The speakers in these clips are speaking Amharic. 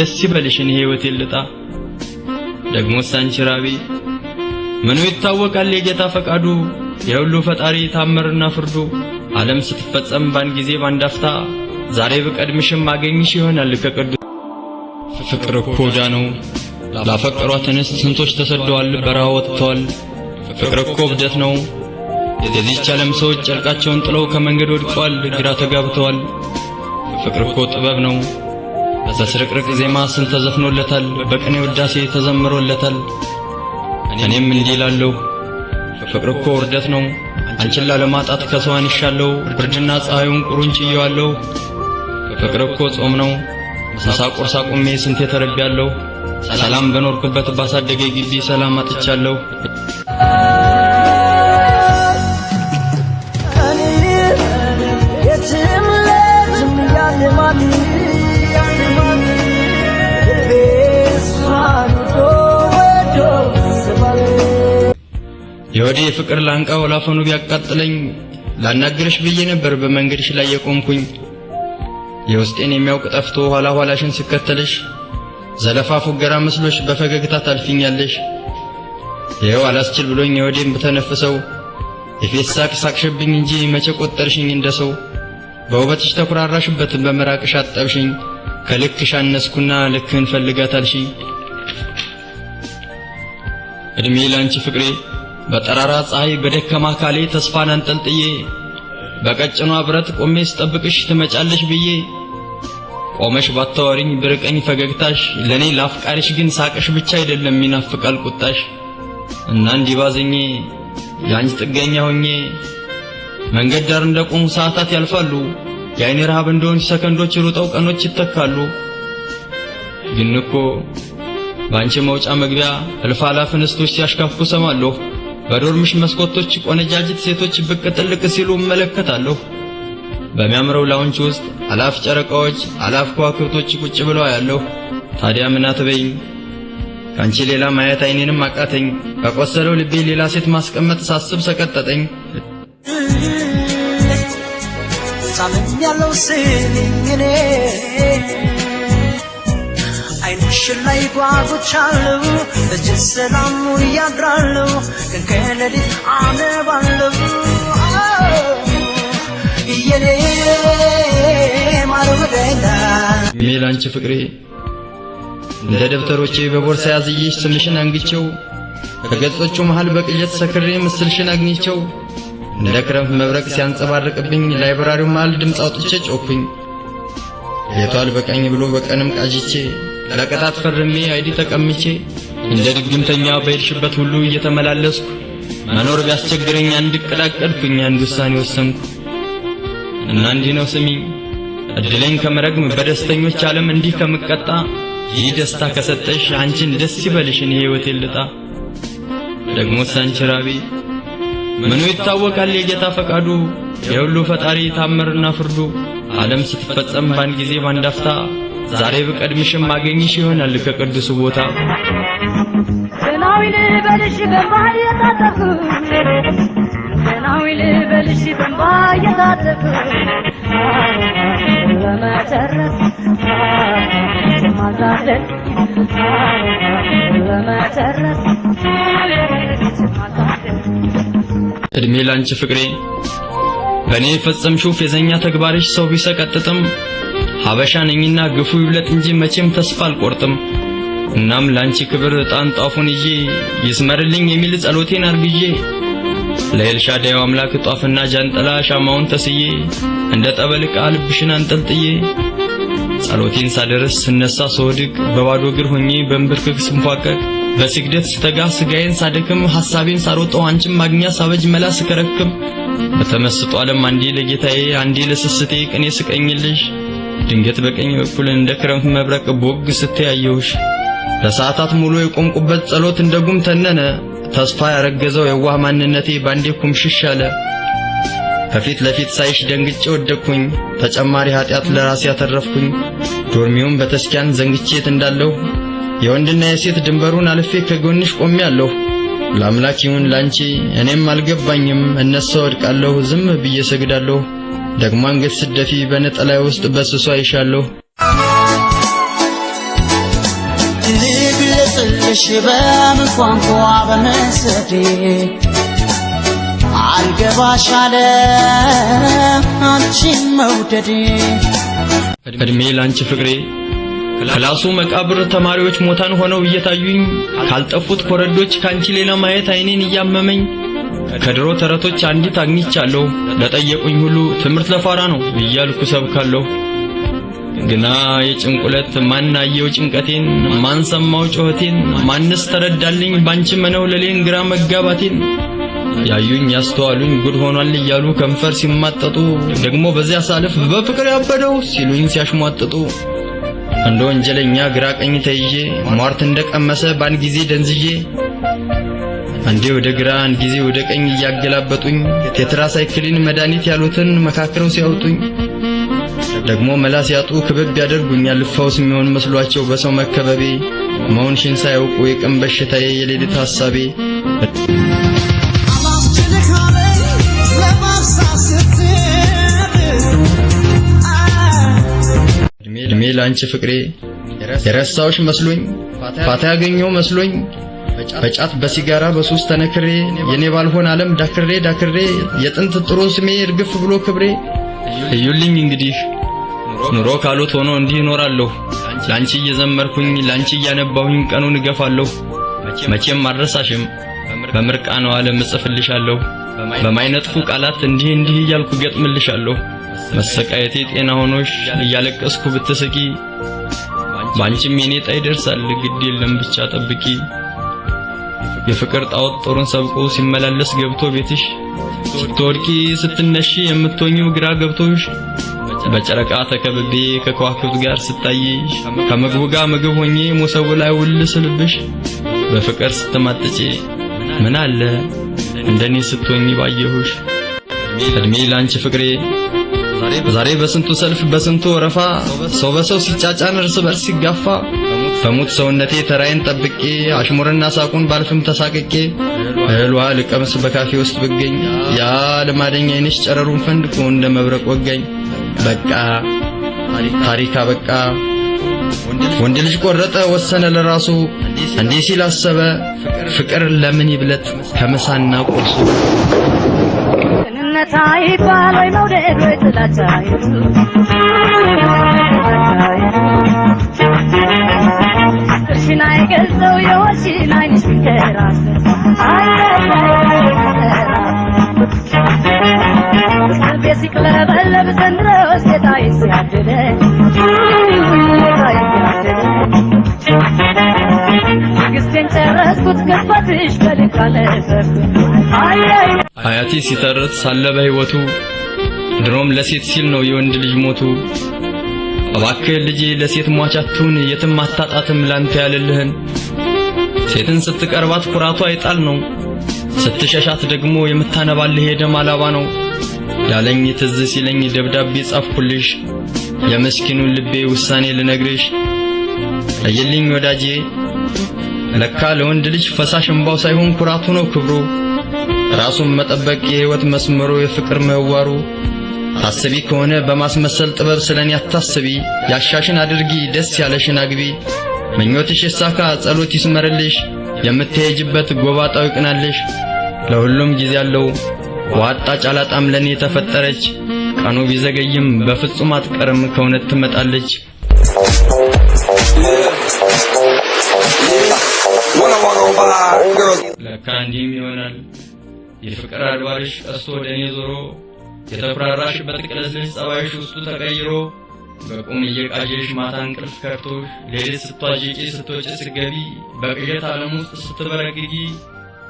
ደስ ይበልሽ እኔ ሕይወት ልጣ ደግሞ አንቺ ራቤ ምኑ ይታወቃል የጌታ ፈቃዱ የሁሉ ፈጣሪ ታምርና ፍርዱ ዓለም ስትፈጸም ባንድ ጊዜ ባንዳፍታ ዛሬ ብቀድምሽም አገኝሽ ይሆናል ከቅዱስ ፍቅር እኮ ዕዳ ነው ላፈቀሯት እንስት ስንቶች ተሰደዋል በረሃ ወጥተዋል ፍቅር እኮ እብደት ነው የዚህች ዓለም ሰዎች ጨርቃቸውን ጥለው ከመንገድ ወድቀዋል ግራ ተጋብተዋል ፍቅር እኮ ጥበብ ነው በስርቅርቅ ዜማ ስል ተዘፍኖለታል፣ በቅኔ ውዳሴ ተዘምሮለታል። እኔም እንዲህ እላለሁ ፍቅር እኮ ውርደት ነው፣ አንቺን ላለማጣት ከሰው አንሻለሁ፣ ብርድና ፀሐዩን ቁሩን ችየዋለሁ። ፍቅር እኮ ጾም ነው፣ ምሳ ቁርስ አቁሜ ስንቴ ተረቢያለሁ። ሰላም በኖርኩበት ባሳደገ ግቢ ሰላም አጥቻለሁ። የወዴ የፍቅር ላንቃ ወላፈኑ ቢያቃጥለኝ ላናግርሽ ብዬ ነበር በመንገድሽ ላይ የቆምኩኝ የውስጤን የሚያውቅ ጠፍቶ ኋላ ኋላሽን ስከተልሽ ዘለፋ ፉገራ መስሎሽ በፈገግታ ታልፊኛለሽ። ይኸው አላስችል ብሎኝ የወዴን ብተነፍሰው የፌት ሳቅ ሳቅሽብኝ እንጂ መቼ ቆጠርሽኝ እንደ ሰው በውበትሽ ተኩራራሽበት በመራቅሽ አጠብሽኝ ከልክሽ አነስኩና ልክህን ፈልጋታልሽ እድሜ ላንቺ ፍቅሬ በጠራራ ፀሐይ በደከማ አካሌ ተስፋን አንጠልጥዬ በቀጭኗ ብረት ቆሜ ስጠብቅሽ ትመጫለሽ ብዬ ቆመሽ ባታወሪኝ ብርቀኝ ፈገግታሽ ለኔ ላፍቃሪሽ ግን ሳቅሽ ብቻ አይደለም ይናፍቃል ቁጣሽ እና እንዲህ ባዝኜ ያንቺ ጥገኛ ሆኜ መንገድ ዳር እንደ ቆሙ ሰዓታት ያልፋሉ የአይኔ ረሃብ እንደሆንሽ ሰከንዶች ሩጠው ቀኖች ይተካሉ ግን እኮ ባንቺ መውጫ መግቢያ እልፍ አላፍ እንስቶች ሲያሽካፉ ሰማለሁ በዶርምሽ መስኮቶች ቆነጃጅት ሴቶች ብቅ ጥልቅ ሲሉ እመለከታለሁ። በሚያምረው ላውንች ውስጥ አላፍ ጨረቃዎች፣ አላፍ ከዋክብቶች ቁጭ ብለው አያለሁ። ታዲያ ምን አትበይኝ? ካንቺ ሌላ ማየት አይኔንም አቃተኝ። በቆሰለው ልቤ ሌላ ሴት ማስቀመጥ ሳስብ ሰቀጠጠኝ። ሳምም ያለው አይንሽን ላይ ጓጉቻለሁ እጅ ሰላሙ እያድራለሁ ቀን ከሌሊት አነባለሁ የኔ ማርበደኛ ፍቅሬ እንደ ደብተሮቼ በቦርሳ ያዝዬሽ ስምሽን አንግቼው ከገጾቹ መሃል በቅጀት ሰክሬ ምስልሽን አግኝቼው እንደ ክረምት መብረቅ ሲያንጸባርቅብኝ ላይብራሪው መሃል ድምፅ አውጥቼ ጮኩኝ። ሌቷ በቀኝ ብሎ በቀንም ቃጅቼ! ወረቀታት ፈርሜ አይዲ ተቀምቼ እንደ ድግምተኛ በሄድሽበት ሁሉ እየተመላለስኩ መኖር ቢያስቸግረኝ አንድ ዕቅድ አንድ ውሳኔ ወሰንኩ እና እንዲህ ነው ስሚኝ፣ እድለኝ ከምረግም በደስተኞች ዓለም እንዲህ ከምቀጣ ይህ ደስታ ከሰጠሽ አንቺን ደስ ይበልሽን ህይወት ልጣ ደግሞ ሳንቺ ራቤ ምኑ ይታወቃል የጌታ ፈቃዱ የሁሉ ፈጣሪ ታምርና ፍርዱ ዓለም ስትፈጸም ባንድ ጊዜ ባንዳፍታ ዛሬ በቀድምሽም ማገኝሽ ይሆናል ከቅዱስ ቦታ እድሜ ላንቺ ፍቅሬ በእኔ የፈጸምሽው ፌዘኛ ተግባርሽ ሰው ቢሰቀጥጥም ሀበሻ ነኝና ግፉ ይብለጥ እንጂ መቼም ተስፋ አልቆርጥም። እናም ላንቺ ክብር ዕጣን ጧፉን ይዤ ይስመርልኝ የሚል ጸሎቴን አርግዤ ለኤልሻዳዩ አምላክ ጧፍና ጃንጥላ ሻማውን ተስዬ እንደ ጠበል ዕቃ ልብሽን አንጠልጥዬ ጸሎቴን ሳደርስ ስነሳ ስወድቅ በባዶ እግር ሆኜ በእንብርክክ ስንፏቀቅ በስግደት ስተጋ ስጋዬን ሳደክም ሐሳቤን ሳሮጠው አንቺን ማግኛ ሳበጅ መላ ስከረክም በተመስጦ ዓለም አንዴ ለጌታዬ አንዴ ለስስቴ ቅኔ ስቀኝልሽ ድንገት በቀኝ በኩል እንደ ክረምት መብረቅ ቦግ ስተያየሁሽ ለሰዓታት ሙሉ የቆምቁበት ጸሎት እንደ ጉም ተነነ። ተስፋ ያረገዘው የዋህ ማንነቴ ባንዴ ኩምሽሽ አለ። ከፊት ለፊት ሳይሽ ደንግጬ ወደኩኝ ተጨማሪ ኀጢአት ለራሴ ያተረፍኩኝ። ዶርሚውን በተስኪያን ዘንግቼት የት እንዳለሁ የወንድና የሴት ድንበሩን አልፌ ከጎንሽ ቆሜያለሁ። ለአምላክ ይሁን ላንቺ እኔም አልገባኝም። እነሳ ወድቃለሁ፣ ዝም ብዬ ሰግዳለሁ። ደግሞ አንገት ስደፊ በነጠላይ ውስጥ በስሷ ይሻለሁ ልግለጽልሽ በምን ቋንቋ በመንሰዴ አልገባሽ አለ መውደዴ እድሜ ላንቺ ፍቅሬ ክላሱ መቃብር ተማሪዎች ሞታን ሆነው እየታዩኝ ካልጠፉት ኮረዶች ካንቺ ሌላ ማየት አይኔን እያመመኝ ከድሮ ተረቶች አንዲት አግኝቻለሁ፣ ለጠየቁኝ ሁሉ ትምህርት ለፋራ ነው እያልኩ ሰብካለሁ። ግና የጭንቁለት ማናየው ጭንቀቴን ማንሰማው ጮኸቴን ማንስ ተረዳልኝ ባንቺ መነው ለሌን ግራ መጋባቴን ያዩኝ ያስተዋሉኝ ጉድ ሆኗል እያሉ ከንፈር ሲማጠጡ ደግሞ በዚያ ሳልፍ በፍቅር ያበደው ሲሉኝ ሲያሽሟጥጡ እንደ ወንጀለኛ ግራ ቀኝ ተይዤ ሟርት እንደቀመሰ ባን ጊዜ ደንዝዬ አንዴ ወደ ግራ አንድ ጊዜ ወደ ቀኝ እያገላበጡኝ ቴትራ ሳይክሊን መድኃኒት ያሉትን መካክረው ሲያውጡኝ ደግሞ መላ ሲያጡ ክበብ ያደርጉኛል። ፈውስ የሚሆን መስሏቸው በሰው መከበቤ መሆንሽን ሳያውቁ የቀን በሽታዬ የሌሊት ሐሳቤ እድሜ ላንቺ ፍቅሬ የረሳሁሽ መስሎኝ ፋታ ያገኘው መስሎኝ በጫት በሲጋራ በሱስ ተነክሬ የኔ ባልሆን ዓለም ዳክሬ ዳክሬ የጥንት ጥሩ ስሜ እርግፍ ብሎ ክብሬ እዩልኝ እንግዲህ ኑሮ ካሉት ሆኖ እንዲህ እኖራለሁ ላንቺ እየዘመርኩኝ ላንቺ እያነባሁኝ ቀኑን እገፋለሁ። መቼም አልረሳሽም በምርቃነው ዓለም እጽፍልሻለሁ በማይነጥፉ ቃላት እንዲህ እንዲህ እያልኩ ገጥምልሻለሁ። መሰቃየቴ ጤና ሆኖሽ እያለቀስኩ ብትስቂ ባንቺም የኔ ጣይ ይደርሳል። ግድ የለም ብቻ ጠብቂ። የፍቅር ጣዖት ጦሩን ሰብቆ ሲመላለስ ገብቶ ቤትሽ ስትወድቂ ስትነሺ የምትሆኚው ግራ ገብቶሽ በጨረቃ ተከብቤ ከከዋክብት ጋር ስታይ ከምግቡ ጋር ምግብ ሆኜ ሞሰቡ ላይ ውል ስልብሽ በፍቅር ስትማጥጪ ምን አለ እንደኔ ስትሆኚ ባየሁሽ እድሜ ላንቺ ፍቅሬ ዛሬ በስንቱ ሰልፍ በስንቱ ወረፋ ሰው በሰው ሲጫጫን እርስ በርስ ሲጋፋ በሙት ሰውነቴ ተራይን ጠብቄ አሽሙርና ሳቁን ባልፍም ተሳቅቄ እህል ልቀምስ በካፌ ውስጥ ብገኝ ያ ልማደኛ አይንሽ ጨረሩን ፈንድቆ እንደ መብረቅ ወጋኝ። በቃ ታሪካ በቃ ወንድ ልጅ ቆረጠ ወሰነ ለራሱ እንዲህ ሲል አሰበ ፍቅር ለምን ይብለት ከምሳና ቁርሱ ይባል ወይ መውደድ ወይ ጥላቻ አያቴ ሲጠርት ሳለ በሕይወቱ ድሮም ለሴት ሲል ነው የወንድ ልጅ ሞቱ። እባክህ ልጄ ለሴት ሟቻቱን የትም አታጣትም ላንተ ያልልህን። ሴትን ስትቀርባት ኩራቷ አይጣል ነው፣ ስትሸሻት ደግሞ የምታነባልህ የደም አላባ ነው። ያለኝ ትዝ ሲለኝ ደብዳቤ ጻፍኩልሽ፣ የምስኪኑን ልቤ ውሳኔ ልነግርሽ። ለየልኝ ወዳጄ ለካ ለወንድ ልጅ ፈሳሽ እንባው ሳይሆን ኩራቱ ነው ክብሩ። ራሱን መጠበቅ የህይወት መስመሩ የፍቅር መዋሩ አስቢ ከሆነ በማስመሰል ጥበብ ስለኔ አታስቢ። ያሻሽን አድርጊ ደስ ያለሽን አግቢ። ምኞትሽ ይሳካ ጸሎት ይስመርልሽ። የምትሄጅበት ጎባጣው ይቅናልሽ። ለሁሉም ጊዜ አለው ዋጣ ጫላጣም ለኔ ተፈጠረች። ቀኑ ቢዘገይም በፍጹም አትቀርም ከእውነት ትመጣለች። ለካ እንዲህም ይሆናል የፍቅር አድባርሽ ቀስቶ ወደ እኔ ዞሮ የተኩራራሽበት ቅለዝንሽ ጸባይሽ ውስጡ ተቀይሮ በቁም እየቃዠሽ ማታ እንቅልፍ ከርቶሽ ሌሊት ስቷጅቂ ስትወጪ ስገቢ በቅዠት ዓለም ውስጥ ስትበረግጊ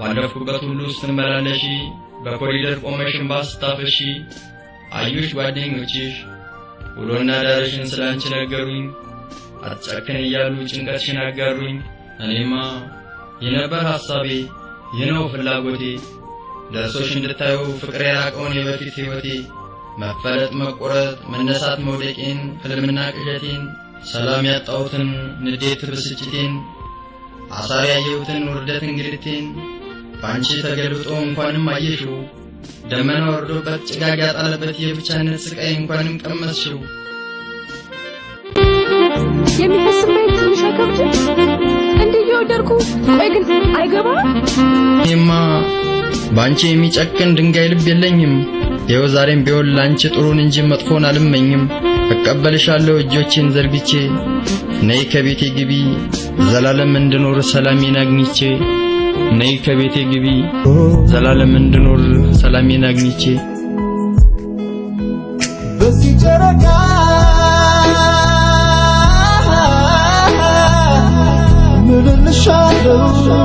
ባለፍኩበት ሁሉ ስትመላለሺ በኮሪደር ቆመሽ እንባ ስታፈሺ አዩሽ ጓደኞችሽ ውሎና ዳርሽን ስላንቺ ነገሩኝ አትጨክን እያሉ ጭንቀትሽን አጋሩኝ እኔማ የነበር ሐሳቤ የነው ፍላጎቴ ደርሶሽ እንድታዩ ፍቅር የራቀውን የበፊት ሕይወቴ መፈለጥ፣ መቆረጥ፣ መነሳት፣ መውደቄን፣ ሕልምና ቅዠቴን፣ ሰላም ያጣሁትን ንዴት ብስጭቴን፣ አሳር ያየሁትን ውርደት እንግድቴን ባንቺ ተገልብጦ እንኳንም አየሽው ደመና ወርዶበት ጭጋግ ያጣለበት የብቻነት ስቃይ እንኳንም ቀመስሽው። እንደወደድኩ ወይ ግን አይገባም። እኔማ ባንቺ የሚጨክን ድንጋይ ልብ የለኝም። ይኸው ዛሬም ቢሆን ላንቺ ጥሩን እንጂ መጥፎን አልመኝም። እቀበልሻለሁ እጆቼን ዘርግቼ፣ ነይ ከቤቴ ግቢ፣ ዘላለም እንድኖር ሰላሜን አግኝቼ። ነይ ከቤቴ ግቢ፣ ዘላለም እንድኖር ሰላሜን አግኝቼ show.